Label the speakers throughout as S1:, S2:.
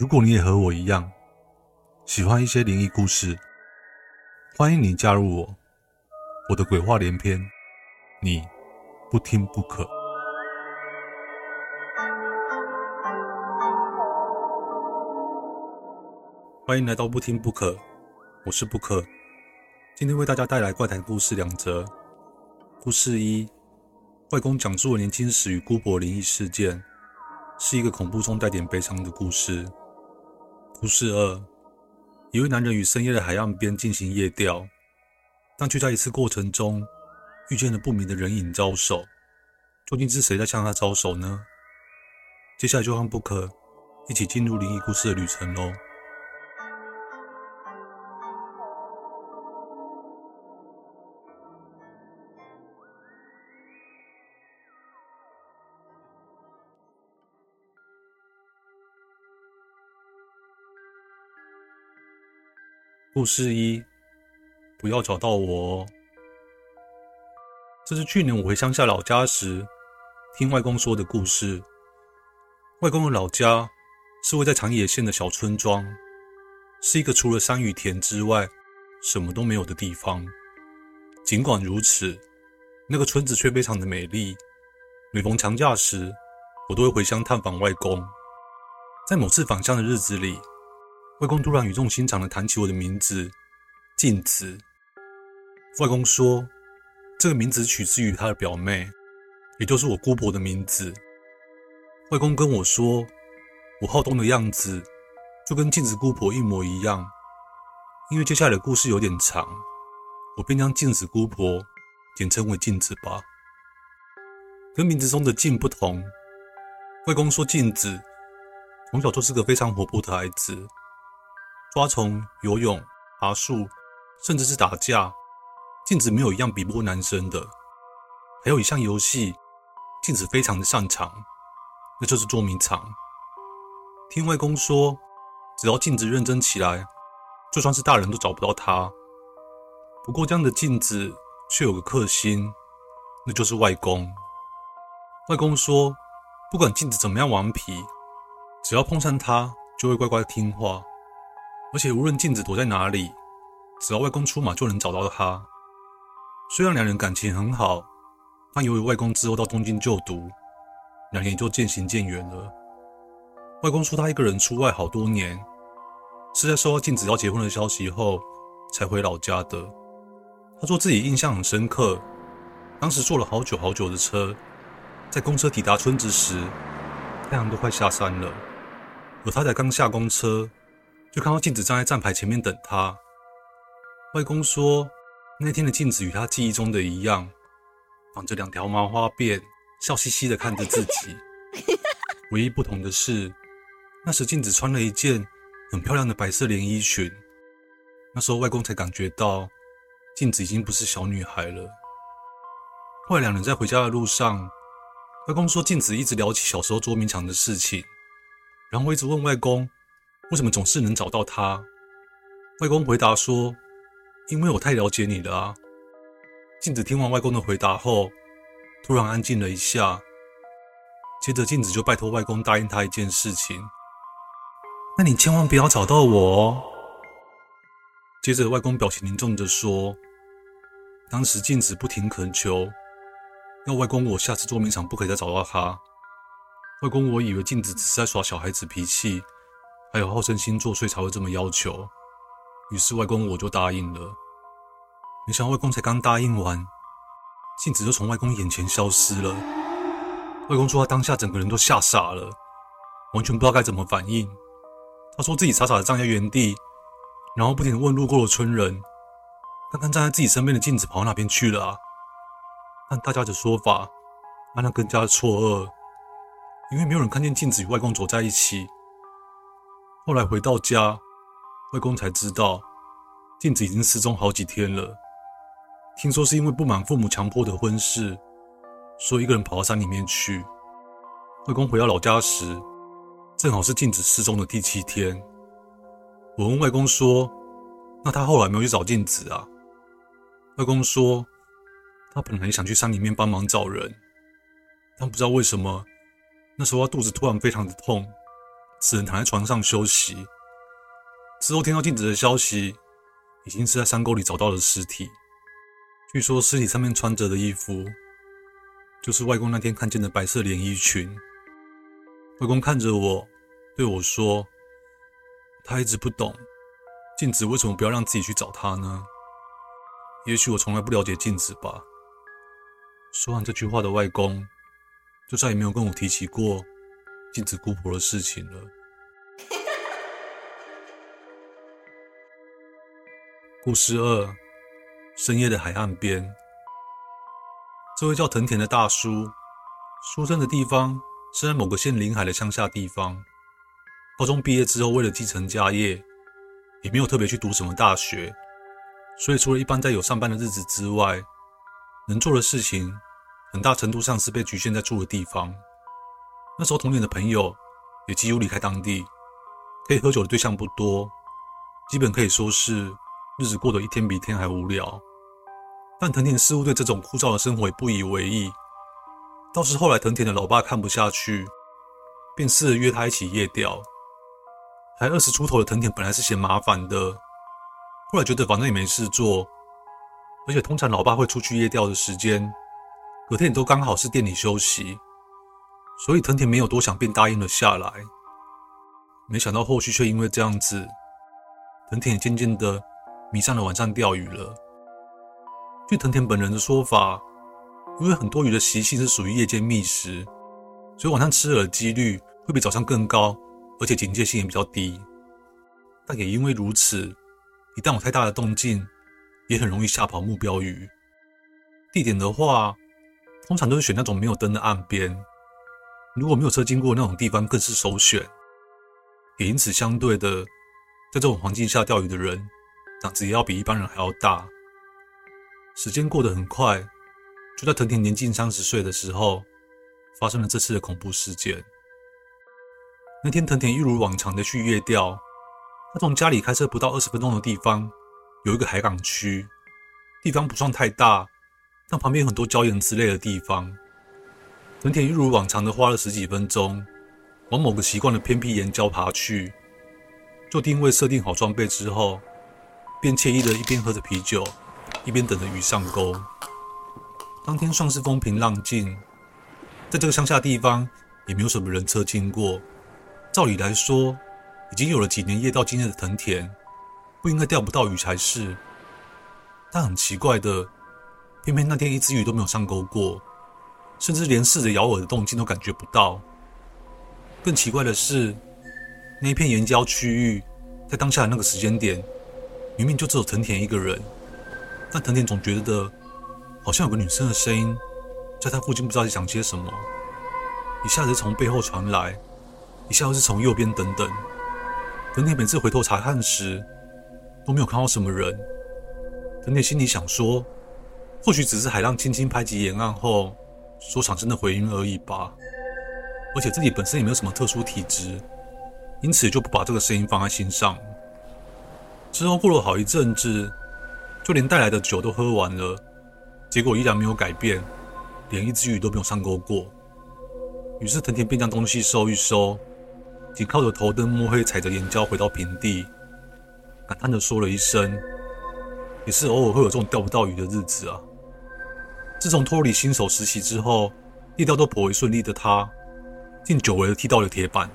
S1: 如果你也和我一樣喜歡一些靈異故事，歡迎你加入我。我的鬼話連篇，你不聽不可。歡迎來到不聽不可，我是不可，今天為大家帶來怪談故事兩則。故事一，外公講述了年輕時與姑婆靈異事件，是一個恐怖中帶點悲傷的故事。故事二：一位男人與深夜的海岸邊進行夜釣，但卻在一次過程中遇見了不明的人影招手。究竟是誰在向他招手呢？接下來就讓 Book 我一起進入靈異故事的旅程咯。故事一，不要找到我喔。這是去年我回鄉下老家時，聽外公說的故事。外公的老家是位在長野縣的小村莊，是一個除了山與田之外，什麼都沒有的地方。儘管如此，那個村子卻非常的美麗。每逢長假時，我都會回鄉探訪外公。在某次返鄉的日子裡，外公突然語重心長地談起我的名字，靜子。外公說，這個名字取自於他的表妹，也就是我姑婆的名字。外公跟我說，我好動的樣子就跟靜子姑婆一模一樣。因為接下來的故事有點長，我便將靜子姑婆簡稱為靜子吧。跟名字中的“靜”不同，外公說，靜子從小就是個非常活潑的孩子。抓蟲、游泳、爬樹，甚至是打架，鏡子沒有一樣比不過男生的。還有一項遊戲，鏡子非常的擅長，那就是捉迷藏。聽外公說，只要鏡子認真起來，就算是大人都找不到他。不過，這樣的鏡子卻有個克星，那就是外公。外公說，不管鏡子怎麼樣頑皮，只要碰上他，就會乖乖聽話。而且無論鏡子躲在哪裡，只要外公出馬就能找到他。雖然兩人感情很好，但由於外公之後到東京就讀，兩人也就漸行漸遠了。外公說他一個人出外好多年，是在收到鏡子要結婚的消息後才回老家的。他說自己印象很深刻，當時坐了好久好久的車，在公車抵達村子時，太陽都快下山了，而他才剛下公車。就看到鏡子站在站牌前面等他。外公說，那天的鏡子與他記憶中的一樣，綁着兩條麻花辮，笑嘻嘻地看着自己。 唯一不同的是，那時鏡子穿了一件很漂亮的白色連衣裙。那時候外公才感覺到，鏡子已經不是小女孩了。後來兩人在回家的路上，外公說，鏡子一直聊起小時候捉迷藏的事情，然後一直問外公。為什麼總是能找到他？外公回答說：“因為我太了解你了、啊。”鏡子聽完外公的回答後，突然安靜了一下。接着，鏡子就拜托外公答應他一件事情：“那你千萬不要找到我。”接着，外公表情凝重地說：“當時鏡子不停懇求，要外公我下次捉迷藏不可以再找到他。”外公我以為鏡子只是在耍小孩子脾氣。還有好勝心作祟才會這麼要求，於是外公我就答應了。沒想到外公才剛答應完，鏡子就從外公眼前消失了。外公說他當下整個人都嚇傻了，完全不知道該怎麼反應。他說自己傻傻地站在原地，然後不停地問路過的村人：“剛剛站在自己身邊的鏡子跑到哪邊去了？”啊。但大家的說法讓他、啊、更加的錯愕，因為沒有人看見鏡子與外公走在一起。後來回到家，外公才知道靜子已經失蹤好幾天了。聽說是因為不滿父母強迫的婚事，所以一個人跑到山裡面去。外公回到老家時，正好是靜子失蹤的第七天。我問外公說：“那他後來沒有去找靜子啊？”外公說：“他本來想去山裡面幫忙找人，但不知道為什麼，那時候他肚子突然非常的痛。”只能躺在床上休息，之後聽到靜子的消息，已經是在山溝裡找到了屍體。據說屍體上面穿着的衣服，就是外公那天看見的白色連衣裙。外公看着我，對我說：“他一直不懂，靜子為什麼不要讓自己去找他呢？也許我從來不了解靜子吧。”說完這句話的外公，就再也沒有跟我提起過。禁止姑婆的事情了。故事二：深夜的海岸邊，這位叫藤田的大叔，出生的地方是在某個縣臨海的鄉下地方。高中畢業之後，為了繼承家業，也沒有特別去讀什麼大學，所以除了一般在有上班的日子之外，能做的事情很大程度上是被局限在住的地方。那時候，藤田的朋友也幾乎離開當地，可以喝酒的對象不多，基本可以說是日子過得一天比一天還無聊。但藤田似乎對這種枯燥的生活也不以為意。倒是後來，藤田的老爸看不下去，便試着約他一起夜釣。才二十出頭的藤田本來是嫌麻煩的，後來覺得反正也沒事做，而且通常老爸會出去夜釣的時間，隔天也都剛好是店裡休息。所以藤田沒有多想，便答應了下來。沒想到後續卻因為這樣子，藤田也漸漸的迷上了晚上釣魚了。據藤田本人的說法，因為很多魚的習性是屬於夜間覓食，所以晚上吃餌的幾率會比早上更高，而且警戒性也比較低。但也因為如此，一旦有太大的動靜，也很容易嚇跑目標魚。地點的話，通常都是選那種沒有燈的岸邊。如果沒有車經過那種地方，更是首選。也因此，相對的，在這種環境下釣魚的人，膽子也要比一般人還要大。時間過得很快，就在藤田年近三十歲的時候，發生了這次的恐怖事件。那天，藤田一如往常的去夜釣。他從家裡開車不到二十分鐘的地方，有一個海港區，地方不算太大，但旁邊有很多礁岩之類的地方。藤田一如往常的花了十幾分鐘，往某個習慣的偏僻岩礁爬去，就定位，設定好裝備之後，便愜意的一邊喝着啤酒，一邊等着魚上鈎。當天算是風平浪靜，在這個鄉下地方也沒有什麼人車經過。照理來說，已經有了幾年夜到今天的藤田，不應該釣不到魚才是。但很奇怪的，偏偏那天一隻魚都沒有上鈎過。甚至連試着咬耳的動靜都感覺不到。更奇怪的是，那一片岩礁區域，在當下的那個時間點，明明就只有藤田一個人，但藤田總覺得好像有個女生的聲音在他附近，不知道在講些什麼，一下子從背後傳來，一下子從右邊等等。藤田每次回頭查看時，都沒有看到什麼人。藤田心裡想說，或許只是海浪輕輕拍擊沿岸後，所產生的回音而已吧，而且自己本身也沒有什麼特殊體質，因此就不把這個聲音放在心上。之後過了好一陣子，就連帶來的酒都喝完了，結果依然沒有改變，連一隻魚都沒有上鈎過。於是藤田便將東西收一收，僅靠着頭燈摸黑踩着岩礁回到平地，感嘆地說了一聲：“也是偶爾會有這種釣不到魚的日子啊。”自從脫離新手實習之後，力道都頗為順利的他，竟久違的踢到了鐵板。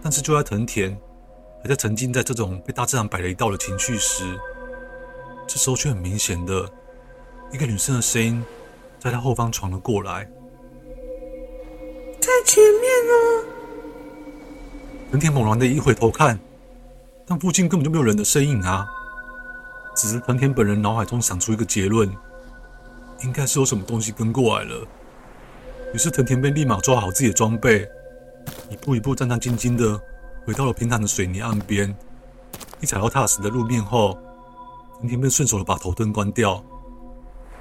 S1: 但是就在藤田還在沉浸在這種被大自然擺了一道的情緒時，這時候卻很明顯的，一個女生的聲音在他後方傳了過來：“在前面哦。”藤田猛然的一回頭看，但附近根本就沒有人的身影啊。只是藤田本人腦海中想出一個結論。應該是有什麼東西跟過來了，於是藤田便立馬抓好自己的裝備，一步一步戰戰兢兢的回到了平坦的水泥岸邊。一踩到踏實的路面後，藤田便順手的把頭燈關掉，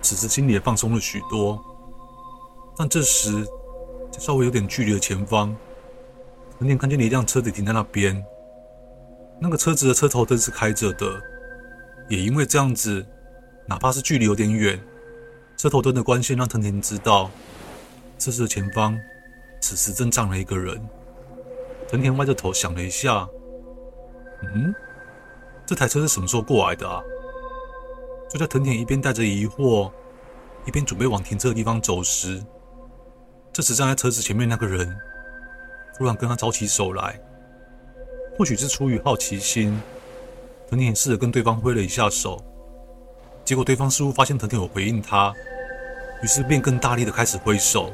S1: 此時心裡也放鬆了許多。但這時，在稍微有點距離的前方，藤田看見了一輛車子停在那邊。那個車子的車頭燈是開着的，也因為這樣子，哪怕是距離有點遠，車頭燈的關係讓藤田知道，車子的前方此時正站了一個人。藤田歪着頭想了一下：“嗯，這台車是什麼時候過來的啊？”就在藤田一邊帶着疑惑，一邊準備往停車的地方走時，這時站在車子前面那個人突然跟他招起手來。或許是出於好奇心，藤田也試着跟對方揮了一下手，結果對方似乎發現藤田有回應他。於是便更大力的開始揮手。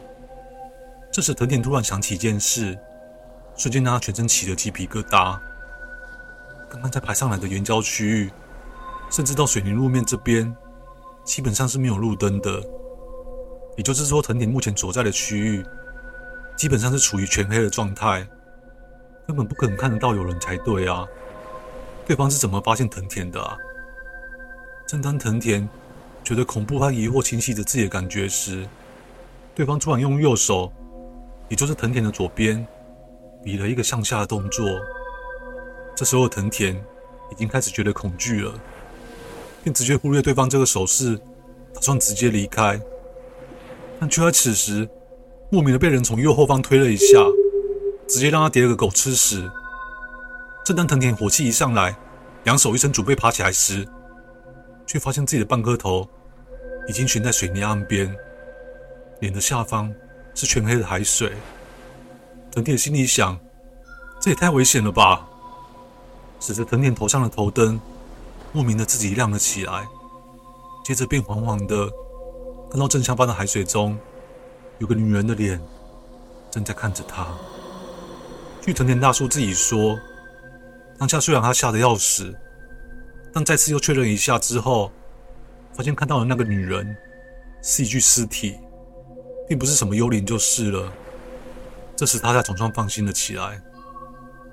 S1: 這時藤田突然想起一件事，瞬間讓他全身起了雞皮疙瘩。剛剛在爬上來的岩礁區域，甚至到水泥路面這邊，基本上是沒有路燈的。也就是說，藤田目前所在的區域，基本上是處於全黑的狀態，根本不可能看得到有人才對啊！對方是怎麼發現藤田的啊？正當藤田覺得恐怖，和疑惑清晰着自己的感覺時，對方突然用右手，也就是藤田的左邊，比了一個向下的動作。這時候藤田已經開始覺得恐懼了，便直接忽略對方這個手勢，打算直接離開。但就在此時，莫名的被人從右後方推了一下，直接讓他跌了個狗吃屎。正當藤田火氣一上來，兩手一伸準備爬起來時，却發現自己的半顆頭。已經懸在水泥岸邊，臉的下方是全黑的海水。藤田心裡想：“這也太危險了吧！”使得藤田頭上的頭燈，莫名的自己亮了起來。接着便緩緩的看到正下方的海水中，有個女人的臉正在看着他。據藤田大叔自己說，當下雖然他嚇得要死，但再次又確認一下之後。發現看到的那個女人是一具屍體，並不是什麼幽靈，就是了。這時，他才總算放心了起來。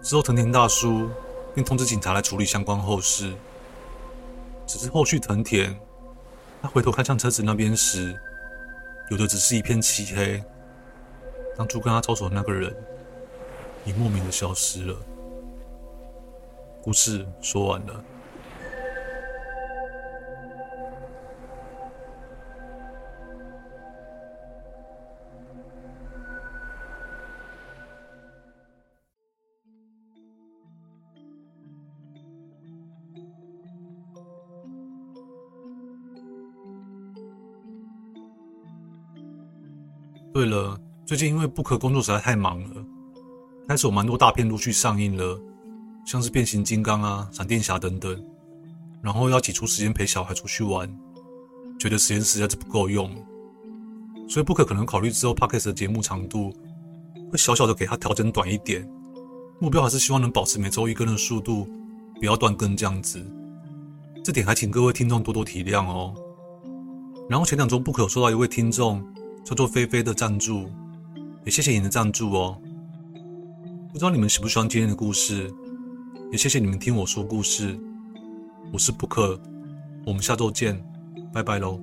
S1: 之後，藤田大叔便通知警察來處理相關後事。只是後續，藤田他回頭看向車子那邊時，有的只是一片漆黑。當初跟他招手的那個人已莫名的消失了。故事說完了。對了，最近因為 Book 工作實在太忙了，開始有蠻多大片陸續上映了，像是變形金剛啊、閃電俠等等，然後要擠出時間陪小孩出去玩，覺得時間實在是不夠用，所以 Book 可能考慮之後 podcast 的節目長度會小小的給他調整短一點，目標還是希望能保持每週一更的速度，不要斷更這樣子，這點還請各位聽眾多多體諒哦。然後前兩週 Book 有收到一位聽眾，叫做菲菲的贊助，也謝謝你的贊助哦。不知道你們喜不喜歡今天的故事，也謝謝你們聽我說故事。我是布克，我們下周見，拜拜嘍。